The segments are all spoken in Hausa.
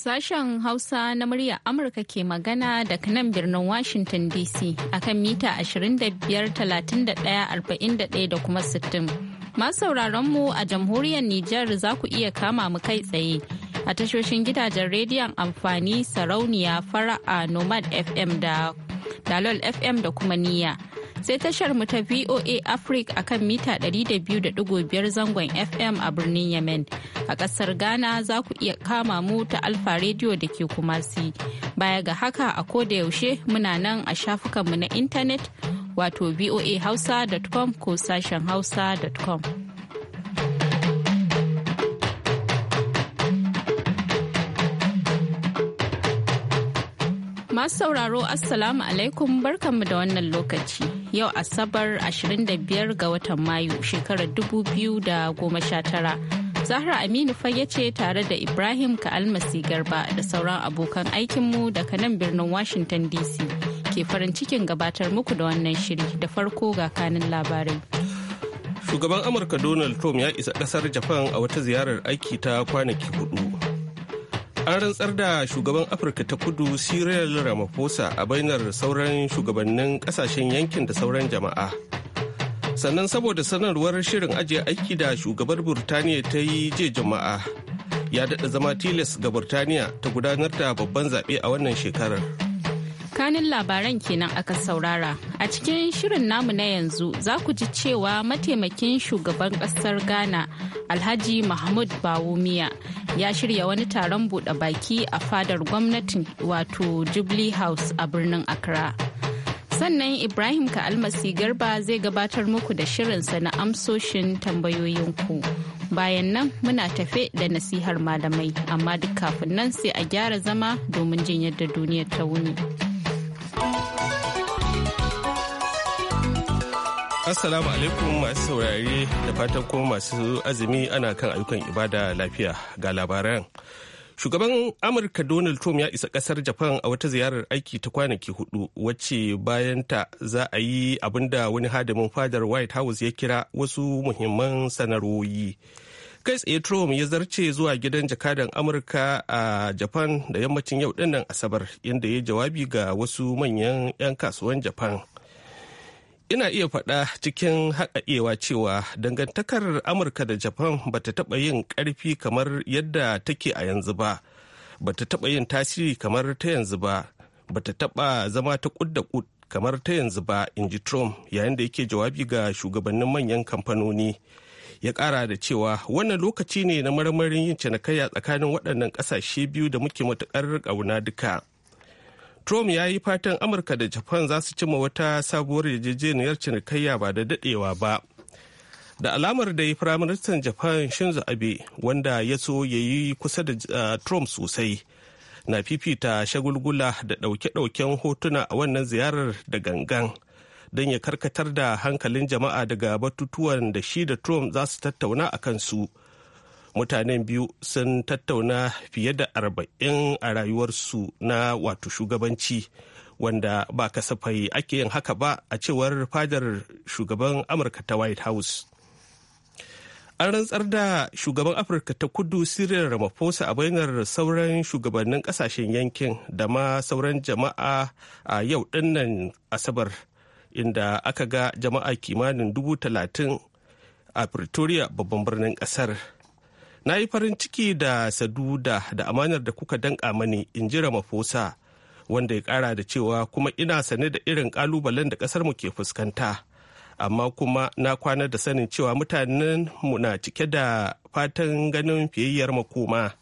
Sashen Hausa na murya Amurka ke magana daga nan birnin Washington DC akan mita 25-31-41 da kuma 60. Masu sauraronmu a jamhuriyar Nijar za ku iya kama mu kai tsaye a tashoshin gidajen rediyon amfani sarauniya fara'a Nomad FM da Dalol FM da kuma niyya. sai tashar mu ta VOA Africa akan mita 200.5 zangon FM a birnin Yemen. A ƙasar Ghana za ku iya kama mu ta Alfa Radio da ke Kumasi. Baya ga haka a koda yaushe muna nan a shafukanmu na intanet wato voahausa.com ko sashen hausa.com. Masu sauraro Assalamu alaikum barkanmu da wannan lokaci. Yau Asabar 25 ga watan Mayu shekarar 2019. Zahra Aminu fage ce tare da Ibrahim Ka'almasi Garba da sauran abokan aikinmu daga nan birnin Washington DC ke farin cikin gabatar muku da wannan shiri da farko ga kanin labarai. Shugaban Amurka Donald Trump ya isa kasar Japan a wata ziyarar aiki ta kwanaki hudu. an rantsar da shugaban afirka ta kudu cyril ramaphosa a bainar sauran shugabannin kasashen yankin da sauran jama'a sannan saboda sanarwar shirin ajiye aiki da shugabar burtaniya ta yi je jama'a ya daɗa zama tilas ga burtaniya ta gudanar da babban zaɓe a wannan shekarar kanin labaran kenan aka saurara. A cikin shirin namu na yanzu za ku ji cewa mataimakin shugaban ƙasar Ghana Alhaji Mahmud Bawumia ya shirya wani taron buɗe baki a fadar gwamnatin wato Jubilee House a birnin Accra. Sannan Ibrahim Ka'almasi Garba zai gabatar muku da shirinsa na amsoshin tambayoyinku. Bayan nan muna tafe da nasihar malamai, amma duk kafin nan sai a gyara zama domin jin yadda duniyar ta wuni. Assalamu alaikum masu saurare da fatan kuma masu azumi ana kan ayyukan ibada lafiya ga labaran. Shugaban Amurka Donald Trump ya isa kasar Japan a wata ziyarar aiki ta kwanaki hudu wacce bayanta za a yi abinda wani hadimin fadar White House ya kira wasu muhimman sanarwoyi. Kai tsaye Trump ya zarce zuwa gidan jakadan Amurka a Japan da yammacin yau dinnan Asabar inda ya jawabi ga wasu manyan 'yan kasuwan Japan. ina iya faɗa cikin haƙaƙewa cewa dangantakar amurka da japan ta taɓa yin ƙarfi kamar yadda take a yanzu ba ba ta taɓa yin tasiri kamar ta yanzu ba ba ta taɓa zama ta ƙudda da ƙud kamar ta yanzu ba in ji trump yayin da yake jawabi ga shugabannin manyan kamfanoni ya ƙara da cewa wannan lokaci ne na marmarin yin cinikayya tsakanin waɗannan ƙasashe biyu da muke matuƙar ƙauna duka Trump ya yi fatan Amurka da Japan za su cima wata sabuwar yarjejeniyar cinikayya ba da daɗewa ba. Da alamar da Firaministan Japan Shinzo Abe wanda ya so ya yi kusa da eh, Trump sosai. Na fifita shagulgula da ɗauke-ɗauken hotuna a wannan ziyarar da gangan don ya karkatar da hankalin jama'a daga batutuwan da shi da Trump za su tattauna a kansu mutanen biyu sun tattauna fiye da arba'in a rayuwarsu na wato shugabanci wanda ba kasafai ake yin haka ba a cewar fadar shugaban amurka ta white house an rantsar da shugaban afirka ta kudu cyril ramaphosa a bainar sauran shugabannin kasashen yankin da ma sauran jama'a a yau dinnan asabar inda aka ga jama'a kimanin dubu talatin a pretoria babban birnin kasar na yi farin ciki da saduda da amanar da kuka danka mani in ji ramaphosa wanda ya kara da cewa kuma ina sane da irin kalubalen da kasar mu ke fuskanta amma kuma na kwana da sanin cewa mutanen mu na cike da fatan ganin fiyayyar makoma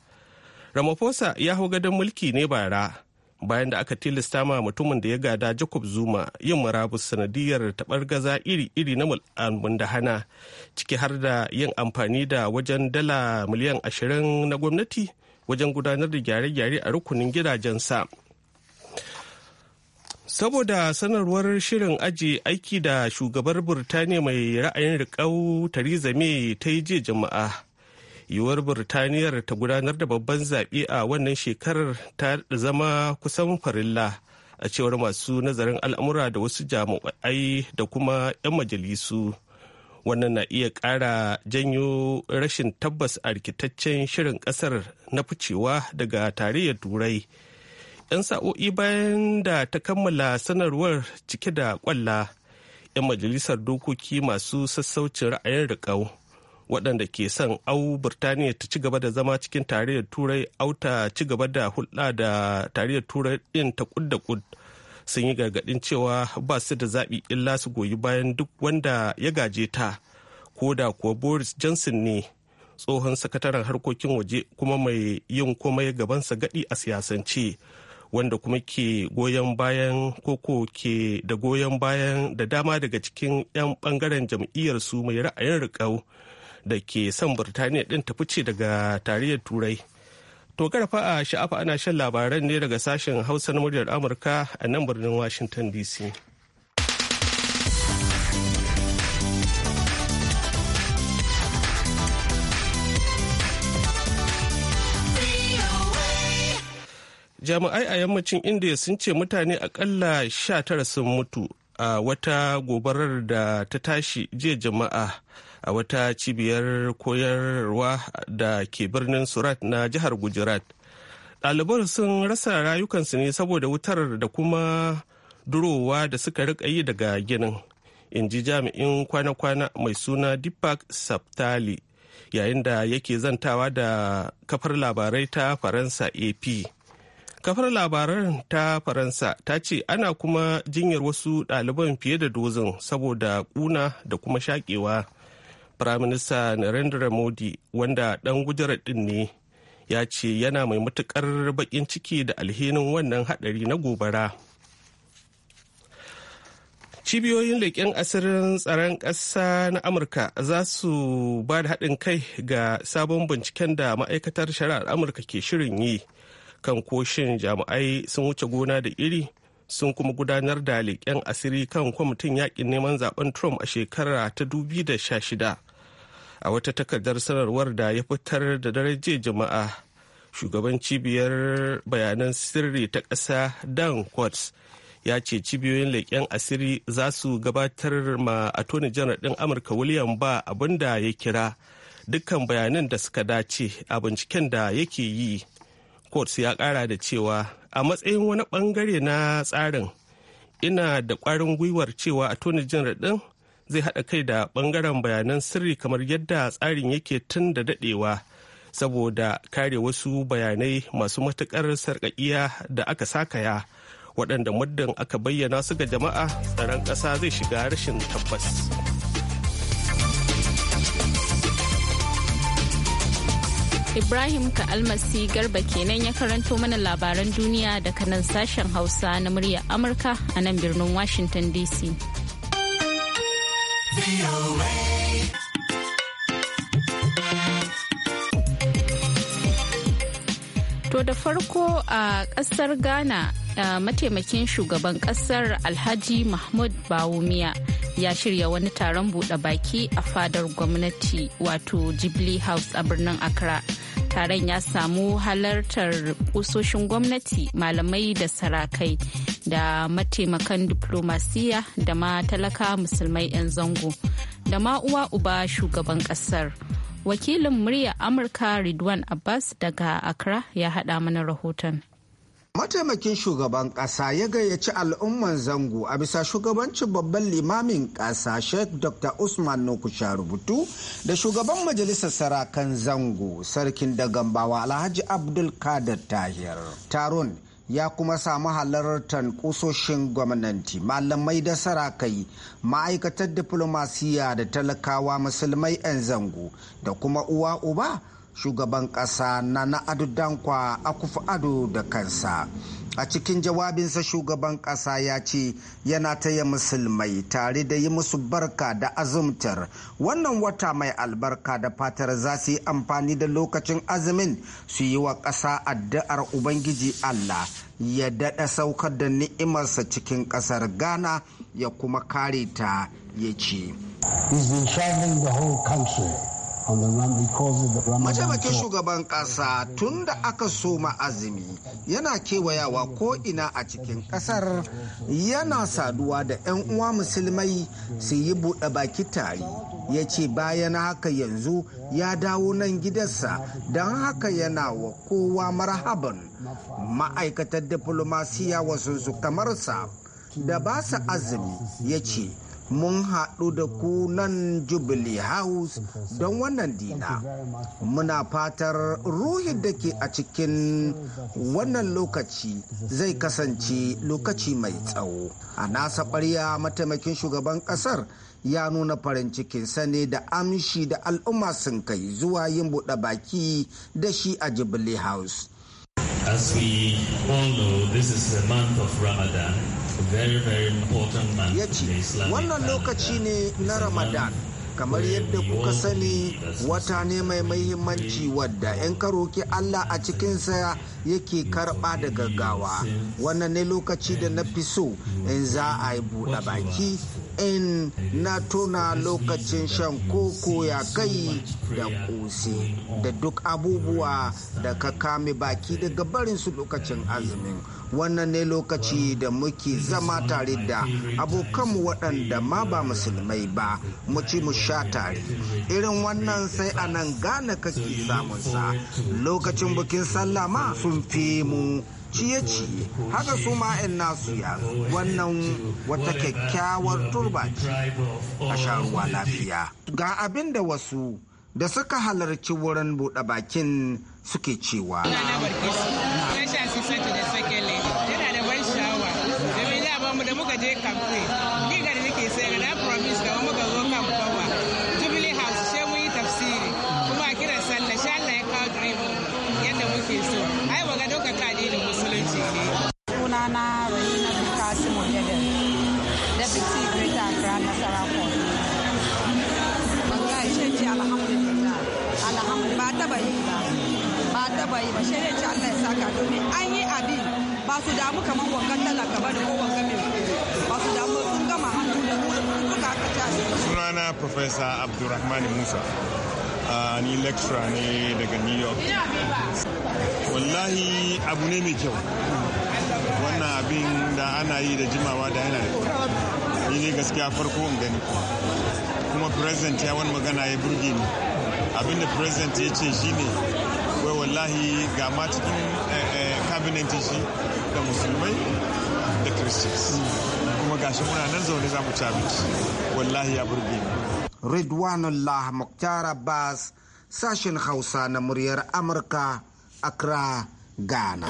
ramaphosa ya hau gadon mulki ne bara bayan da aka tilasta ma mutumin da ya gada jacob zuma yin marabus sanadiyar tabar gaza iri-iri na mundahana ciki har da yin amfani da wajen dala miliyan ashirin na gwamnati wajen gudanar da gyare-gyare a rukunin gidajensa saboda sanarwar shirin aji aiki da shugabar burtaniya mai ra'ayin riƙau theresa may ta yi jiya jama'a yiwuwar Birtaniyar ta gudanar da babban zaɓe a wannan shekarar ta zama kusan farilla a cewar masu nazarin al'amura da wasu jami'ai da kuma 'yan majalisu wannan na iya ƙara janyo rashin tabbas a rikitaccen shirin ƙasar na ficewa daga tarayyar turai 'yan sa'o'i bayan da ta kammala sanarwar cike da kwalla 'yan majalisar dokoki masu sassaucin ra'ayin riƙau waɗanda ke son au birtaniya ta ci gaba da zama cikin tarayyar turai au ta ci gaba da hulɗa da tarayyar turai ɗin ta kud da kud sun yi gargaɗin cewa ba su da zaɓi illa su goyi bayan duk wanda ya gaje ta ko da kuwa boris johnson ne tsohon sakataren harkokin waje kuma mai yin komai gabansa gaɗi a siyasance wanda kuma ke goyon bayan koko ke da goyon bayan da dama daga cikin 'yan bangaren jam'iyyarsu mai ra'ayin riƙau da ke son Birtaniya din ta fice daga tarihin Turai. To karfa a sha'afa ana shan labaran ne daga sashen Hausa na muryar Amurka a nan birnin Washington DC. jami'ai a yammacin india sun ce mutane akalla sha tara sun mutu a wata gobarar da ta tashi jiya jama'a a wata cibiyar koyarwa da ke birnin surat na jihar gujarat ɗaliban sun rasa rayukansu ne saboda wutar da kuma durowa da suka riƙa yi daga ginin in ji jami'in kwana-kwana mai suna deepak saptali yayin da yake zantawa da kafar labarai ta faransa ap kafar labaran ta faransa ta ce ana kuma jinyar wasu ɗaliban fiye da dozin saboda ƙuna da kuma shaƙewa. firaminista narendra modi wanda dan gujarar din ne ya ce yana mai matukar baƙin ciki da alhinin wannan haɗari na gobara cibiyoyin leƙen asirin tsaron ƙasa na amurka za su ba da haɗin kai ga sabon binciken da ma'aikatar shari'ar amurka ke shirin yi kan koshin jami'ai sun wuce gona da iri sun kuma gudanar da leƙen asiri kan kwamitin yaƙin neman zaben trump a shekara ta 2016 a wata takardar sanarwar da ya fitar da darajar jama'a shugaban cibiyar bayanan sirri ta ƙasa dan quartz ya ce cibiyoyin leƙen asiri za su gabatar ma attorney general ɗin amurka william ba abin da ya kira dukkan bayanan da suka dace a binciken da yake yi quartz ya ƙara da cewa a matsayin wani ɓangare na tsarin ina da ƙwarin gwiwar cewa attorney general ɗin zai haɗa kai da ɓangaren bayanan sirri kamar yadda tsarin yake tun da daɗewa saboda kare wasu bayanai masu matuƙar sarƙaƙiya da aka sakaya waɗanda muddin aka bayyana su ga jama'a tsaron ƙasa zai shiga rashin tabbas. Ibrahim ka almasi Garba kenan ya karanto mana labaran duniya daga nan sashen Hausa na murya Amurka a nan birnin Washington DC. To da farko a kasar Ghana mataimakin shugaban kasar Alhaji Mahmud Bawumia ya shirya wani taron buɗe baki a fadar gwamnati wato Jubilee House a birnin Accra. Taron ya samu halartar kusoshin gwamnati malamai da sarakai da mataimakan diplomasiya da ma talaka musulmai 'yan zango da ma uwa uba shugaban kasar wakilin murya amurka ridwan abbas daga accra ya hada mana rahoton mataimakin shugaban ƙasa ya gayyaci al'umman zango a bisa shugabancin babban limamin ƙasa sheikh dr usman nokusha rubutu da shugaban majalisar sarakan zango sarkin dagambawa alhaji abdul kadir tahir taron ya kuma samu halartar kusoshin gwamnati malamai da sarakai ma'aikatar diplomasiya da talakawa musulmai 'yan zango da kuma uwa uba shugaban ƙasa na na ado dankwa akufu ado da kansa a cikin jawabinsa shugaban ƙasa ya ce yana taya musulmai tare da yi musu barka da azumtar wannan wata mai albarka da fatar za su yi amfani da lokacin azumin su yi wa ƙasa addu'ar ubangiji allah ya daɗa saukar da ni'imarsa cikin ƙasar ghana ya kuma kare ta ya ce. Mataimakin shugaban ƙasa tun da aka soma azumi yana kewayawa ko'ina a cikin ƙasar yana saduwa da 'yan uwa musulmai su yi buɗe baki tare ya ce bayan haka yanzu ya dawo nan gidansa don haka yana wa kowa marhaban ma'aikatar diplomasiya wasu su kamar sa da ba su azumi ya ce mun haɗu da ku nan Jubilee House don wannan dina. Muna fatar ruhin da ke a cikin wannan lokaci zai kasance lokaci mai tsawo. A nasa ɓarya mataimakin shugaban ƙasar ya nuna farin cikin sane da amshi da al'umma sun kai zuwa yin buɗe baki da shi a Jubilee House. As we all know, this is the month of Ramadan. ya ce wannan lokaci ne na ramadan kamar yadda kuka sani wata ne mai mahimmanci wadda 'yan karoki Allah a cikinsa yake karba da gaggawa wannan ne lokaci da na fi so in za a yi buɗe baki in na tona lokacin shan koko ya kai da ƙose da duk abubuwa da ka kame baki daga barinsu lokacin azumin wannan ne lokaci da muke zama tare da abokanmu waɗanda ma ba musulmai ba mu ci mu sha tare irin wannan sai a nan gane kake samunsa lokacin bukin sallah ma sun fi mu ciye-ciye haka su ma'in nasu ya wannan wata kyakkyawar turba ce a sharuwa lafiya ga abin da wasu da suka halarci wurin buɗe bakin suke cewa kamfe ni da nake sai na promise da muka zo kan kowa jubilee house she mun yi tafsiri kuma a kiran sallah sha Allah ya kawo dream yadda muke so ai waga doka ta addinin musulunci ne sunana Rahina Bikasi Mujadda deputy greater Accra Nasara Port wallahi shi ce alhamdulillah alhamdulillah ba taba yi ba ba taba yi ba shi ne ce Allah ya saka domin an yi abin ba su damu kamar wankan talaka ba da ko wankan mai Professor Abdulrahman Musa. Uh, ni lecturer ne daga New York. Wallahi abu ne mai kyau. Wannan abin da ana yi da jimawa da yana da Ni ne gaskiya farko in gani. Kuma president ya wani magana ya burge ni. Abin da president ya ce ne. wai wallahi ga ma cikin eh, eh, cabinet shi da musulmai da christians. kuma gashi muna nan zaune za mu ci abinci wallahi ya burge ni ridwanullah muktar abbas sashen hausa na muryar amurka accra ghana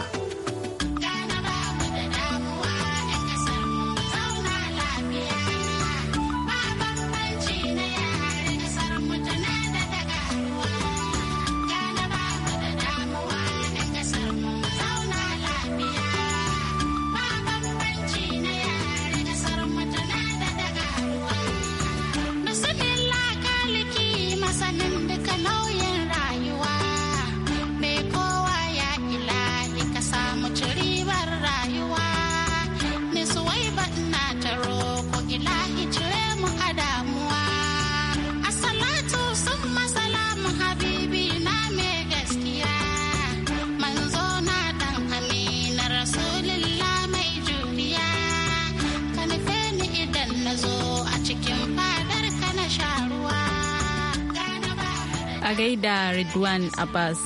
da Ridwan Abbas.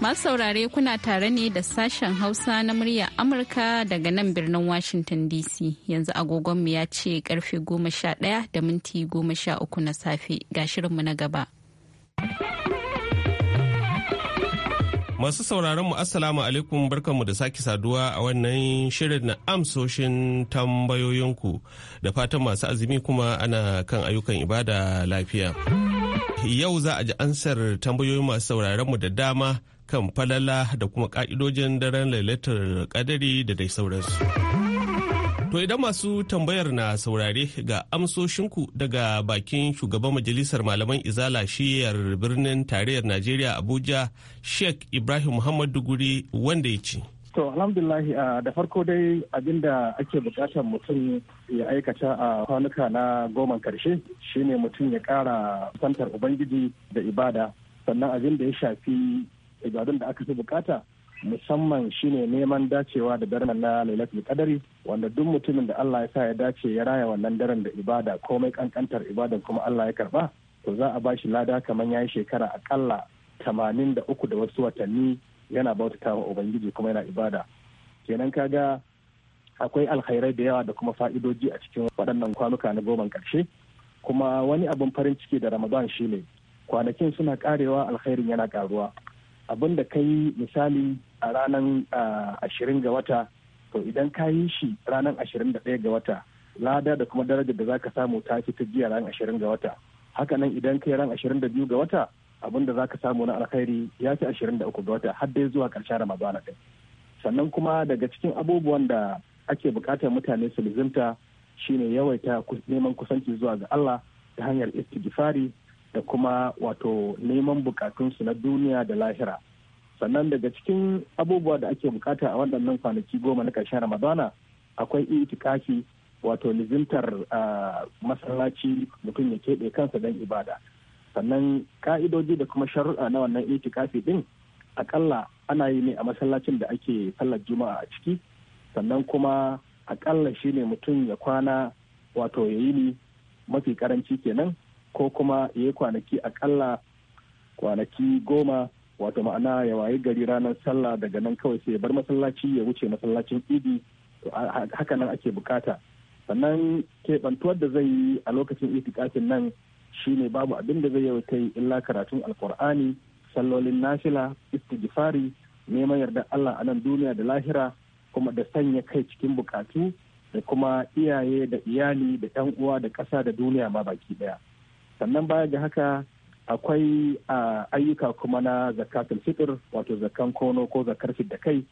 Masu saurare kuna tare ne da sashen Hausa na murya Amurka daga nan birnin Washington DC. Yanzu agogonmu ya ce karfe goma sha ɗaya da minti goma sha uku na safe ga shirinmu na gaba. Masu sauraron mu Assalamu alaikum barkanmu da sake saduwa a wannan shirin na amsoshin tambayoyinku da fatan masu azumi kuma ana kan ayyukan ibada lafiya. yau za a ji ansar tambayoyi masu sauraron mu da dama kan falala da kuma ka'idojin daren lailatar kadari da dai sauransu. To idan masu tambayar na saurare ga amsoshinku daga bakin shugaban majalisar malaman izala shiyar birnin tarayyar Najeriya Abuja Sheikh Ibrahim Muhammad Duguri wanda ya ce. To alhamdulillah da farko dai abinda ake bukatar mutum ya aikata a kwanuka na goma karshe shine mutum ya kara santar ubangiji da ibada sannan abin da ya shafi ibadun da aka fi bukata musamman shine neman dacewa da daren na lailatul kadari wanda duk mutumin da Allah ya sa ya dace ya raya wannan daren da ibada komai kankantar ibadan kuma Allah ya karba to za a bashi lada kamar yayi shekara akalla tamanin da uku da wasu watanni yana bautata wa ubangiji kuma yana ibada kenan kaga akwai alkhairai da yawa da kuma fa'idoji a cikin waɗannan kwanuka na goma ƙarshe kuma wani abin farin ciki da ramadan shine kwanakin suna karewa alkhairin yana karuwa abin da kai misali a ranar ashirin ga wata to idan ka yi shi ranar ashirin da ɗaya ga wata lada da kuma darajar da zaka samu ta fi ta jiya ran ashirin ga wata hakanan idan kai ran ashirin da biyu ga wata abin da za ka samu na alkhairi ya fi ashirin da uku da wata har dai zuwa ƙarshen ramadana ɗin sannan kuma daga cikin abubuwan da ake bukatar mutane su lizimta shine yawaita neman kusanci zuwa ga Allah ta hanyar istighfari da kuma wato neman bukatunsu na duniya da lahira sannan daga cikin abubuwa da ake bukata a waɗannan kwanaki goma na ƙarshen ramadana akwai itikafi wato lizimtar ah, masallaci mutum ya keɓe kansa don ibada sannan ka'idoji da kuma sharuɗa na wannan itikafi din akalla ana yi ne a masallacin da ake sallar juma'a a ciki sannan kuma akalla shine mutum ya kwana wato ya yi ni mafi karanci kenan ko kuma ya yi kwanaki akalla kwanaki goma wato ma'ana ya wayi gari ranar sallah daga nan kawai sai ya bar masallaci ya wuce masallacin idi haka nan ake bukata sannan keɓantuwar da zai yi a lokacin itikafin nan shine babu abin da zai yawaita yi illa karatun alkur'ani sallolin nashila istighfari neman yarda Allah a nan duniya da lahira kuma da sanya kai cikin bukatu da kuma iyaye da iyali da yan uwa da ƙasa da duniya ma baki daya sannan baya ga haka akwai ayyuka kuma na zakatul fitr wato zakan kono ko zakar da kai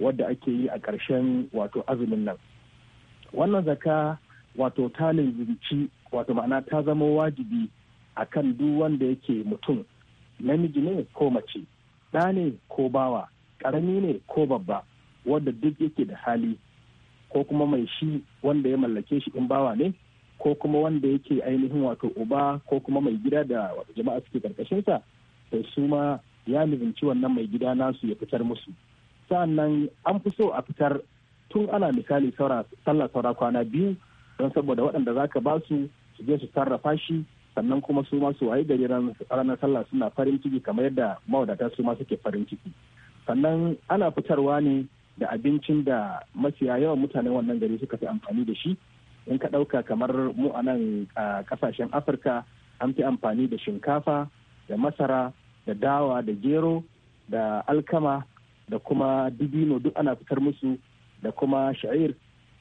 wadda ake yi a ƙarshen wato azumin nan wannan zaka wato ta wato ma'ana ta zama wajibi a kan duk wanda yake mutum namiji ne ko mace ɗa ne ko bawa ƙarami ne ko babba wanda duk yake da hali ko kuma mai shi wanda ya mallake shi in bawa ne ko kuma wanda yake ainihin wato uba ko kuma mai gida da wata jama'a suke karkashinsa sai su ma ya nufinci wannan mai gida nasu ya fitar musu sa'annan an fi so a fitar tun ana misali sallah saura kwana biyu don saboda waɗanda za ka ba su su je su sarrafa shi sannan kuma su masu waye da gari ranar sallah suna farin ciki kamar yadda mawadata su ma suke farin ciki sannan ana fitarwa ne da abincin da mafiya yawan mutanen wannan gari suka fi amfani da shi in ka ɗauka kamar mu a nan a ƙasashen afirka an fi amfani da shinkafa da masara da dawa da gero da alkama da kuma dibino duk ana fitar musu da kuma sha'ir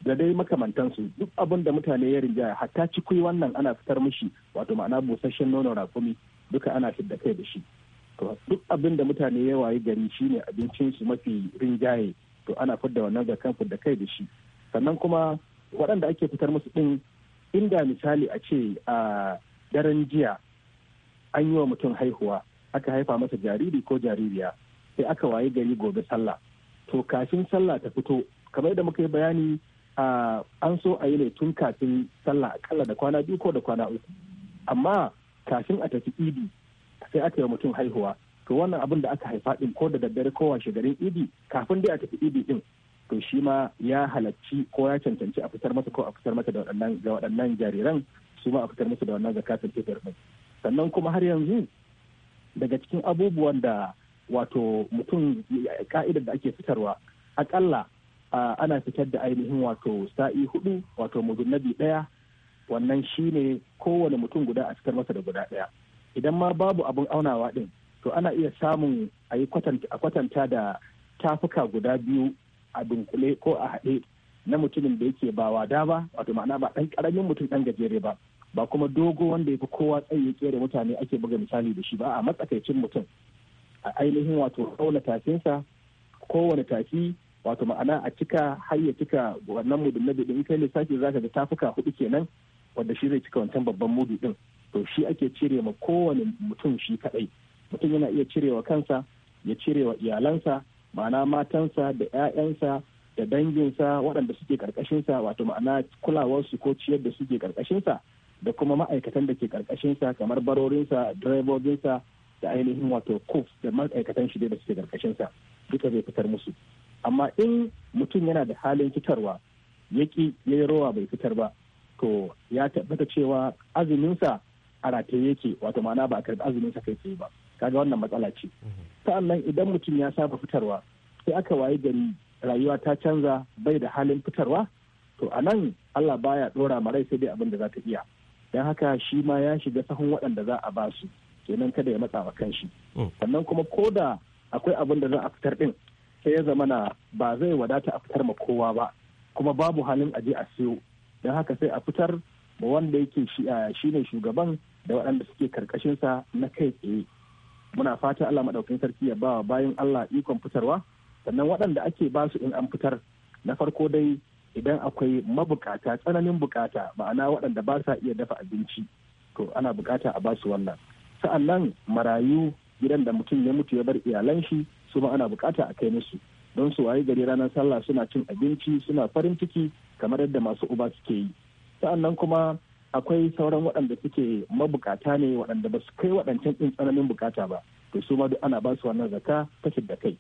da dai makamantansu duk abin da mutane ya rinjaya hatta cikui wannan ana fitar mishi wato ma'ana busasshen nono rakumi duka ana fidda kai da shi duk abin da mutane ya wayi gari shine abincinsu mafi rinjaye to ana fidda wannan kan fidda kai da shi sannan kuma waɗanda ake fitar musu ɗin inda misali a ce a daren jiya an yi wa mutum haihuwa aka haifa masa jariri ko jaririya sai aka wayi gari gobe sallah to kafin sallah ta fito kamar da muka yi bayani an so a yi ne tun kafin sallah akalla da kwana biyu ko da kwana uku amma kafin a tafi idi sai aka yi mutum haihuwa to wannan abin da aka haifa din ko da daddare ko washe garin idi kafin dai a tafi idi din to shi ma ya halarci ko ya cancanci a fitar masa ko a fitar masa da ga waɗannan jariran su ma a fitar masa da wannan zakatun fitar mai sannan kuma har yanzu daga cikin abubuwan da wato mutum ka'idar da ake fitarwa akalla ana fitar da ainihin wato sa'i hudu wato mujunnabi daya wannan shine kowane mutum guda a cikar masa da guda daya idan ma babu abin aunawa din to ana iya samun a yi kwatanta da tafuka guda biyu a dunkule ko a haɗe na mutumin da yake ba wada ba wato ma'ana ba ɗan ƙaramin mutum ɗan gajere ba ba kuma dogo wanda ya fi kowa tsayi ya kera mutane ake buga misali da shi ba a matsakaicin mutum a ainihin wato ɗaula tafinsa kowane tafi wato ma'ana a cika har ya cika wannan mudun na in kai lissafi za ka ga tafuka hudu kenan wanda shi zai cika wancan babban mudu din to shi ake cire ma kowane mutum shi kadai mutum yana iya cirewa kansa ya cirewa iyalansa ma'ana matansa da 'ya'yansa da danginsa waɗanda suke karkashinsa wato ma'ana kulawarsu ko ciyar da suke karkashinsa da kuma ma'aikatan da ke karkashinsa kamar barorinsa direbobinsa da ainihin wato kuf da ma'aikatan shi da suke karkashinsa duka zai fitar musu amma in mutum yana da halin fitarwa ya ki ya yi rowa bai fitar ba to ya tabbata cewa azuminsa a rataye yake wato ma'ana ba a karɓi azuminsa kai tsaye ba kaga wannan matsala ce mhm. sa'annan idan mutum ya saba fitarwa sai aka wayi gari rayuwa ta canza bai da halin fitarwa to a nan Allah baya ɗora ma rai sai dai abin da za ta iya don haka shi ma ya shiga sahun waɗanda za a ba su kenan kada ya matsa wa kanshi mm. sannan kuma ko da akwai abin da za a fitar ɗin sai ya zama na ba zai wadata a fitar ma kowa ba kuma babu halin aje a siyo don haka sai a fitar ma wanda yake shi ne shugaban da waɗanda suke karkashinsa na kai tsaye muna fata allah maɗaukin sarki ya ba bayan allah ikon fitarwa sannan waɗanda ake ba su in an fitar na farko dai idan akwai mabukata tsananin bukata ma'ana waɗanda ba sa iya dafa abinci to ana bukata a ba su wannan sa'an nan marayu gidan da mutum ya mutu ya bar iyalan shi su ma ana bukata a kai musu don su waye gari ranar sallah suna cin abinci suna farin ciki kamar yadda masu uba suke yi sa'annan kuma akwai sauran waɗanda suke mabukata ne waɗanda ba su kai waɗancan ɗin tsananin bukata ba to su ma duk ana ba su wannan zaka ta da kai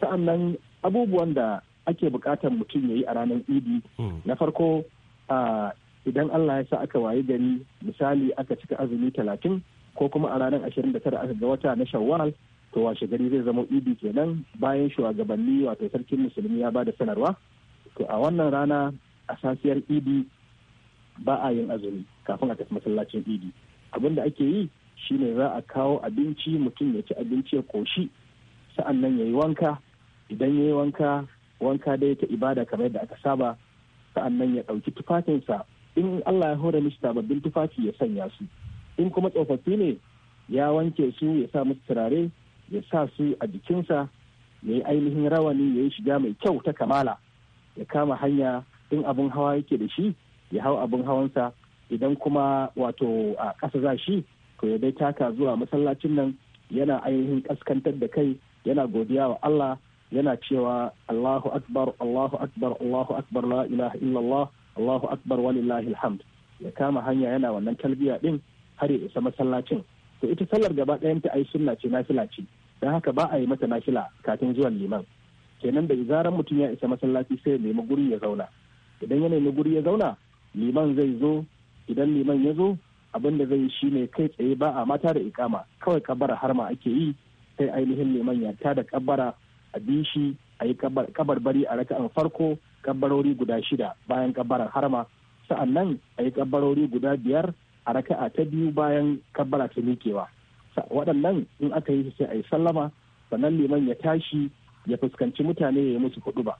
sa'annan abubuwan da ake bukatar mutum ya yi a ranar idi hmm. na farko a idan allah ya sa aka waye gari misali aka cika azumi talatin ko kuma a ranar ashirin da tara aka ga wata na shawwal to washe gari zai zama idi kenan bayan shugabanni wato sarkin musulmi ya ba da sanarwa to a wannan rana a safiyar idi ba a yin azumi kafin a tafi masallacin idi abin da ake yi shine za a kawo abinci mutum ya ci abinci ya koshi sa'an nan ya yi wanka idan ya yi wanka wanka dai ta ibada kamar da aka saba sa'an nan ya ɗauki tufafinsa in allah ya hore mishi sababbin tufafi ya sanya su in kuma tsofaffi ne ya wanke su ya sa musu turare ya sa su a jikinsa ya yi ainihin rawani ya yi shiga mai kyau ta kamala ya kama hanya in abin hawa yake da shi ya hau abin hawansa idan kuma wato a ƙasa za shi to ya dai taka zuwa masallacin nan yana ainihin ƙaskantar da kai yana godiya wa Allah yana cewa Allahu akbar Allahu akbar Allahu akbar la ilaha illallah Allahu akbar walillahi alhamd ya kama hanya yana wannan talbiya din har ya isa masallacin to ita sallar gaba ta ai sunna ce nafila ce don haka ba a yi masa nashila kafin zuwan liman kenan da zaran mutum ya isa masallaci sai ya nemi guri ya zauna idan ya nemi guri ya zauna liman zai zo idan liman ya zo abin da zai yi shine kai tsaye ba a mata da ikama kawai kabara har ma ake yi sai ainihin liman ya tada kabara a bi shi a yi kabarbari a raka'an farko kabarori guda shida bayan kabarar harma nan a yi kabarori guda biyar a raka'a ta biyu bayan kabara ta miƙewa waɗannan in aka yi sai a yi sallama sannan liman ya tashi ya fuskanci mutane ya yi musu hudu ba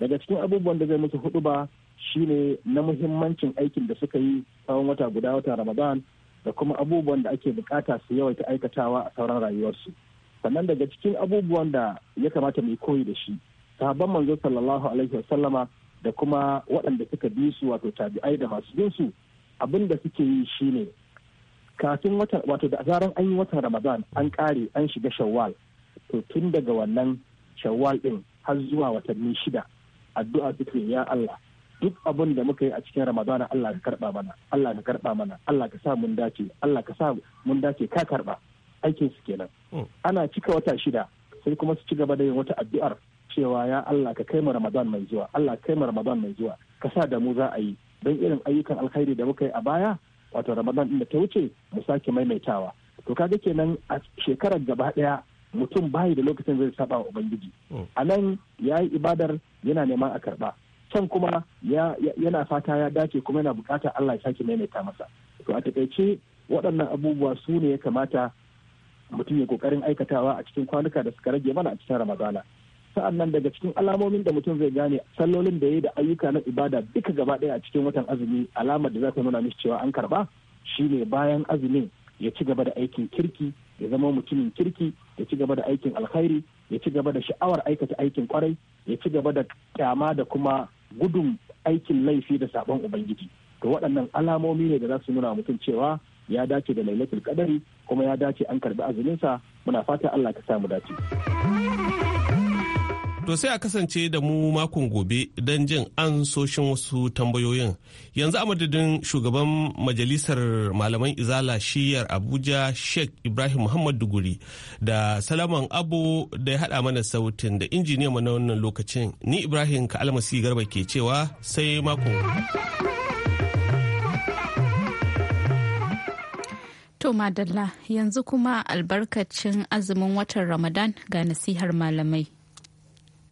daga cikin abubuwan da zai musu hudu ba shine na muhimmancin aikin da suka yi tsawon wata guda wata ramadan da kuma abubuwan da ake bukata su yawaita aikatawa a sauran rayuwarsu sannan daga cikin abubuwan da ya kamata mai koyi da shi sahabban manzo sallallahu alaihi wasallama da kuma waɗanda suka bi su wato tabi'ai da masu bin su abin da suke yi shine kafin wata wato da zaran an yi watan ramadan an kare an shiga shawwal to tun daga wannan shawwal din har zuwa watanni shida addu'a suke ya Allah duk abin da muka yi a cikin ramadana Allah ka karba mana Allah ka karba mana Allah ka sa mun dace Allah ka sa mun dace ka karba aikin su kenan hmm. ana cika wata shida sai kuma su ci gaba da yin wata addu'ar cewa ya Allah ka kai mu ramadan mai zuwa Allah ka kai mu ramadan mai zuwa ka sa da mu za a yi don irin ayyukan alkhairi da muka yi a baya wato ramadan da ta wuce mu sake maimaitawa to kaga kenan a shekarar gaba daya mutum bai da lokacin zai saba wa ubangiji oh. a nan ya yi ibadar yana neman a karba can kuma yana fata ya dace kuma yana bukata allah ya sake maimaita masa to a takaice waɗannan abubuwa su ne ya kamata mutum ya kokarin aikatawa a cikin kwanuka da suka rage mana a cikin ramadana sa'an nan daga cikin alamomin da mutum zai gane sallolin da ya yi da ayyuka na ibada duka gaba ɗaya a cikin watan azumi alamar da za ta nuna mishi cewa an karba ne bayan azumin ya ci gaba da aikin kirki ya zama mutumin kirki ya ci gaba da aikin alkhairi ya ci gaba da sha'awar aikata aikin kwarai ya ci gaba da kyama da kuma gudun aikin laifi da sabon ubangiji to waɗannan alamomi ne da za su nuna mutum cewa ya dace da lailatul kadari kuma ya dace an karbi azuminsa muna fata Allah ka samu dace. To sai a kasance da mu makon gobe don jin an soshin wasu tambayoyin. Yanzu a madadin shugaban majalisar malaman izala shiyar Abuja Sheikh Ibrahim Muhammad Duguri da Salaman abu da ya haɗa mana sautin da injiniya mana wannan lokacin. Ni Ibrahim ka almasi Garba ke cewa sai makon. To Madalla yanzu kuma albarkacin azumin watan Ramadan ga nasihar malamai.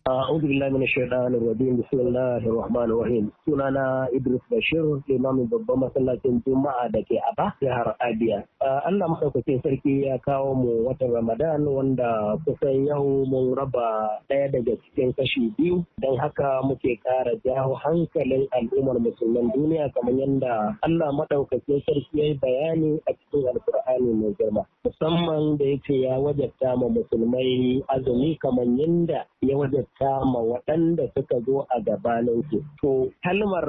أعوذ بالله من الشيطان الرجيم بسم الله الرحمن الرحيم sunana Idris Bashir limamin babban masallacin Juma'a da ke Aba jihar Abia Allah madaukakin sarki ya kawo mu watan Ramadan wanda kusan yau mun raba ɗaya daga cikin kashi biyu don haka muke ƙara jawo hankalin al'ummar musulman duniya kamar yadda Allah madaukakin sarki ya yi bayani a cikin Alkur'ani mai girma musamman da yake ya wajabta ma musulmai azumi kamar yadda ya wajabta kyautata waɗanda suka zo a gabaninku. To kalmar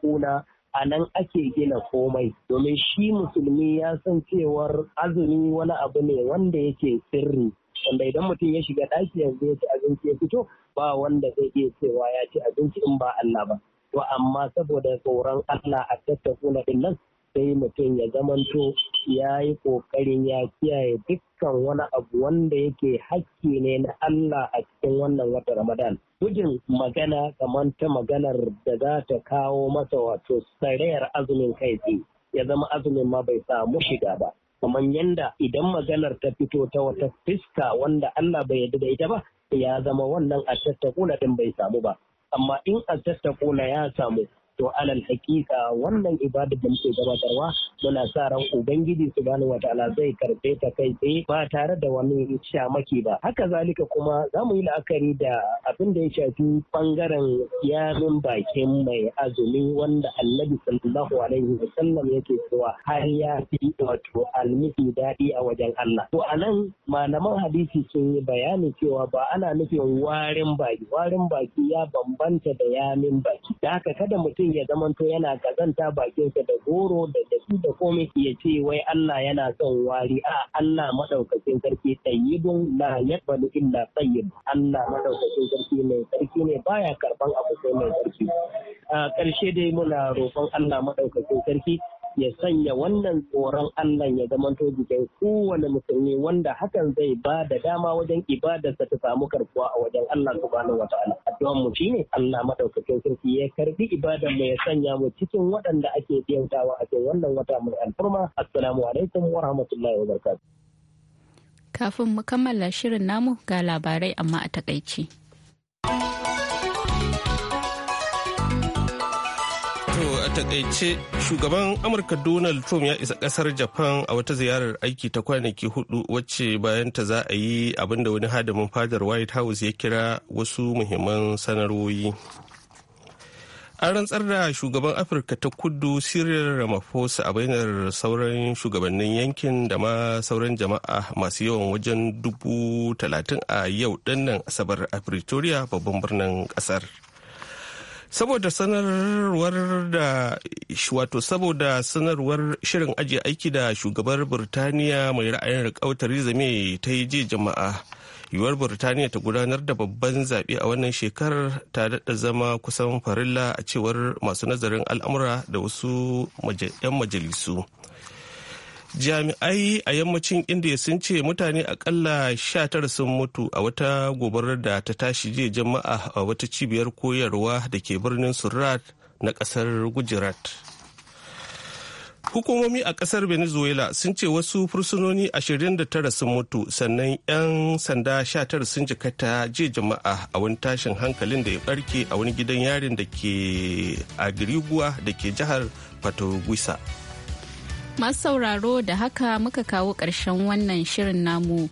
kuna a nan ake gina komai domin shi musulmi ya san cewar azumi wani abu ne wanda yake sirri wanda idan mutum ya shiga ɗaki yanzu ya ci abinci ya fito ba wanda zai iya cewa ya ci abinci in ba Allah ba. To amma saboda tsoron Allah a tattakuna ɗin nan sai mutum ya zamanto ya yi ƙoƙarin ya kiyaye dukkan wani abu wanda yake hakki ne na Allah a cikin wannan wata Ramadan. Gujin magana kamar ta maganar da za ta kawo masa wato sarayar azumin kai ya zama azumin ma bai samu shiga ba. Kamar yanda idan maganar ta fito ta wata fiska wanda Allah bai yarda da ita ba, ya zama wannan a tattakuna din bai samu ba. Amma in a tattakuna ya samu, to alal hakika wannan ibada da muke gabatarwa muna sa ran ubangiji subhanahu wataala zai karbe ta kai tsaye ba tare da wani shamaki ba haka zalika kuma za mu yi la'akari da abin da ya shafi bangaren yarin bakin mai azumi wanda annabi sallallahu alaihi wa Sallam yake cewa har ya fi wato almisi daɗi a wajen Allah to anan malaman hadisi sun yi bayani cewa ba ana nufin warin baki warin baki ya bambanta da yamin baki da haka kada mutum mutum ya zamanto yana kazanta bakinsa da goro da su da komai ya ce wai Allah yana son wari a Allah madaukakin sarki tayyibun la yaqbalu illa tayyib Allah madaukakin sarki mai sarki ne baya karban abu sai mai sarki a ƙarshe dai muna roƙon Allah madaukakin sarki ya sanya wannan tsoron Allah ya zama zamanto jikin kowane musulmi wanda hakan zai ba da dama wajen ibadarsa ta samu karkuwa a wajen Allah subhanahu wataala addu'an mu shine Allah madaukakin sarki ya karbi ibadar mu ya sanya mu cikin waɗanda ake biyantawa a cikin wannan wata mai alfarma assalamu alaikum wa rahmatullahi wa barakatuh kafin mu kammala shirin namu ga labarai amma a takaici. takaice shugaban amurka donald trump ya isa kasar japan a wata ziyarar aiki ta kwanaki hudu wacce bayan ta za a yi abinda wani hadamin fadar white house ya kira wasu muhimman sanarwoyi an rantsar da shugaban afirka ta kudu cyril ramaphosa a bainar sauran shugabannin yankin da ma sauran jama'a masu yawan wajen dubu talatin a yau dinnan asabar a pretoria babban birnin kasar. saboda sanarwar da wato saboda sanarwar shirin ajiye aiki da shugabar birtaniya mai ra'ayin rikau theresa may ta yi ji jama'a yiwuwar birtaniya ta gudanar da babban zaɓe a wannan shekarar ta daɗa zama kusan farilla a cewar masu nazarin al'amura da wasu 'yan majalisu jami'ai a yammacin india sun ce mutane akalla tara sun mutu a wata gobarar da ta tashi jiya jama'a a wata cibiyar koyarwa da ke birnin surat na kasar gujarat hukumomi a kasar venezuela sun ce wasu fursunoni 29 sun mutu sannan 'yan sanda 19 sun jikata jiya jama'a a wani tashin hankalin da ya barke a wani gidan yarin da ke a da ke jihar patoguisa Masu sauraro da haka muka kawo ƙarshen wannan shirin namu.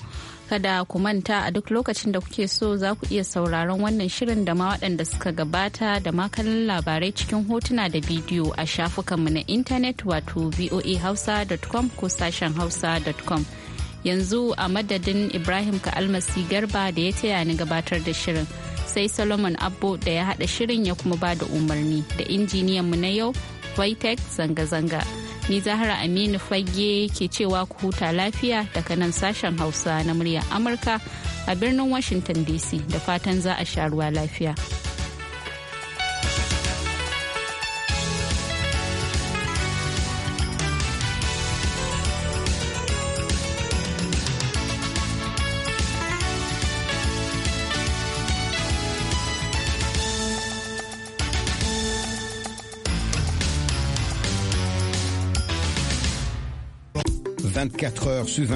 Kada ku manta a duk lokacin da kuke so za ku iya sauraron wannan shirin da ma waɗanda suka gabata da ma kallon labarai cikin hotuna da bidiyo a shafukanmu na intanet wato voahausa.com ko sashen hausa.com. Yanzu a madadin Ibrahim Ka'almasi Garba da ya taya ni gabatar da shirin. sai solomon abbo da ya haɗa shirin ya kuma ba da umarni da injiniyanmu na yau vitek zanga-zanga. Ni Zahra Aminu Fage ke cewa ku huta lafiya daga nan sashen Hausa na muryar Amurka a birnin Washington DC da fatan za a sha ruwa lafiya. 24 heures sur 24.